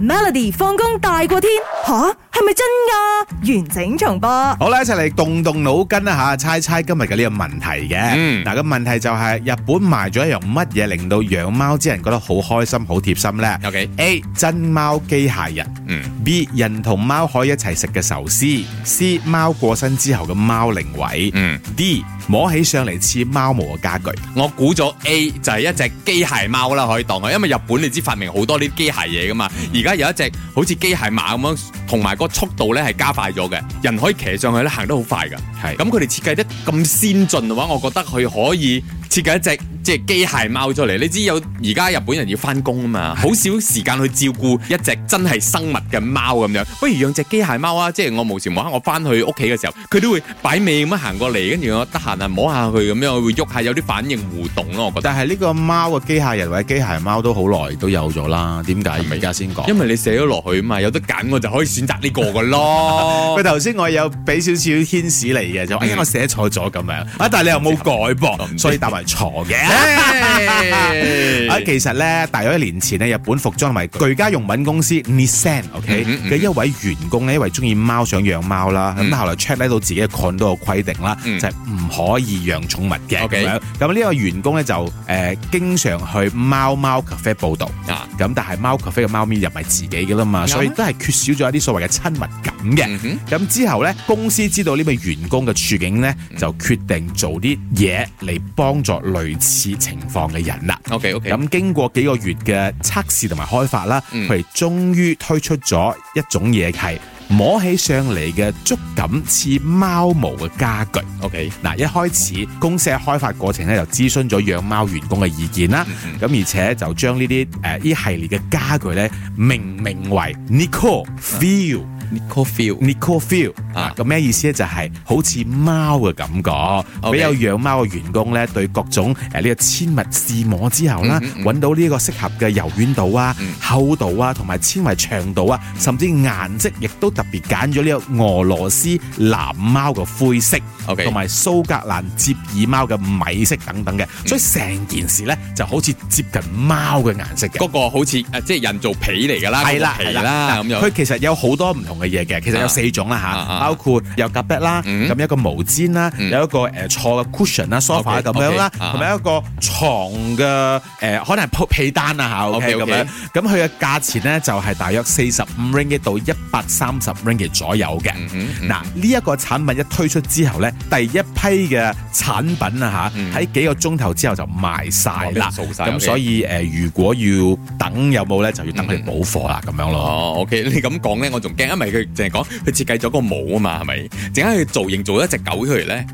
Melody 放工大過天吓，係咪真㗎？完整重播好啦，一齊嚟動動腦筋啦吓，猜猜今日嘅呢個問題嘅。嗱，個問題就係、是、日本賣咗一樣乜嘢，令到養貓之人覺得好開心、好貼心呢？OK，A 真貓機械人、mm.，B 人同貓可以一齊食嘅壽司，C 貓過身之後嘅貓靈位、mm.，D。摸起上嚟似貓毛嘅家具，我估咗 A 就係一隻機械貓啦，可以當佢，因為日本你知發明好多啲機械嘢㗎嘛。而家有一隻好似機械馬咁樣，同埋個速度咧係加快咗嘅，人可以騎上去咧行得好快㗎。係咁佢哋設計得咁先進嘅話，我覺得佢可以。設計一隻即係機械貓出嚟，你知有而家日本人要翻工啊嘛，好是少時間去照顧一隻真係生物嘅貓咁樣，不如養隻機械貓啊！即係我無時無刻我翻去屋企嘅時候，佢都會擺尾咁樣行過嚟，跟住我得閒啊摸下佢咁樣，我會喐下有啲反應互動咯。我覺得。但係呢個貓嘅機械人或者機械貓都好耐都有咗啦，點解而家先講？是是因為你寫咗落去嘛，有得揀我就可以選擇呢個噶咯。佢頭先我有俾少少天使嚟嘅，就哎我寫錯咗咁樣，嗯、但係你又冇改噃，所以答係錯嘅。其實咧，大約一年前呢，日本服裝同埋居家用品公司 n i、okay? s、嗯嗯、s n OK 嘅一位員工呢，因為中意貓，想養貓啦。咁、嗯、後來 check 到自己公司有規定啦，嗯、就係唔可以養寵物嘅咁樣。咁呢個員工呢，就、呃、誒，經常去貓貓咖啡報道。啊。咁但係貓咖啡嘅貓咪又唔係自己噶啦嘛，是嗎所以都係缺少咗一啲所謂嘅親密感嘅。咁、嗯、之後呢，公司知道呢位員工嘅處境呢，就決定做啲嘢嚟幫助類似情況嘅人啦。OK OK 咁。經過幾個月嘅測試同埋開發啦，佢哋終於推出咗一種嘢，係摸起上嚟嘅觸感似貓毛嘅家具。OK，嗱，一開始公司喺開發過程咧，就諮詢咗養貓員工嘅意見啦。咁而且就將呢啲誒依系列嘅家具咧，命名，名為 Nicole Feel。Nicole feel，Nicole feel 啊，咁咩意思咧？就係好似貓嘅感覺，俾有養貓嘅員工咧，對各種誒呢個纖維試摸之後啦，揾到呢個適合嘅柔軟度啊、厚度啊、同埋纖維長度啊，甚至顏色亦都特別揀咗呢個俄羅斯藍貓嘅灰色，OK，同埋蘇格蘭折耳貓嘅米色等等嘅，所以成件事咧就好似接近貓嘅顏色嘅，嗰個好似誒即係人造皮嚟噶啦，係啦係啦，咁樣，佢其實有好多唔同。嘅嘢嘅，其實有四種啦吓，包括有夾壁啦，咁一個毛氈啦，有一個誒坐嘅 cushion 啦，sofa 咁樣啦，同埋一個床嘅誒，可能係鋪被單啊吓，咁樣，咁佢嘅價錢呢，就係大約四十五 ringgit 到一百三十 ringgit 左右嘅。嗱，呢一個產品一推出之後呢，第一批嘅產品啊吓，喺幾個鐘頭之後就賣晒啦，咁所以誒，如果要等有冇咧，就要等佢補貨啦，咁樣咯。OK，你咁講咧，我仲驚，因為。佢淨係講佢設計咗個毛啊嘛，係咪？點解佢造型做咗一隻狗出嚟咧？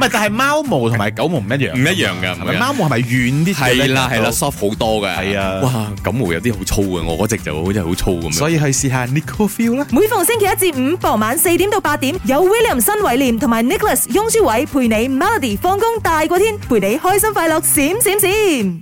咪就係貓毛同埋狗毛唔一樣，唔一樣噶。咪貓毛係咪軟啲？係啦係啦，soft 好多噶。係啊，哇！狗毛有啲好粗嘅，我嗰隻就好似好粗咁樣。所以去試下 Nicole Feel 啦。每逢星期一至五傍晚四點到八點，有 William 新偉廉同埋 Nicholas 雍舒偉陪你 Melody 放工大過天，陪你開心快樂閃閃閃。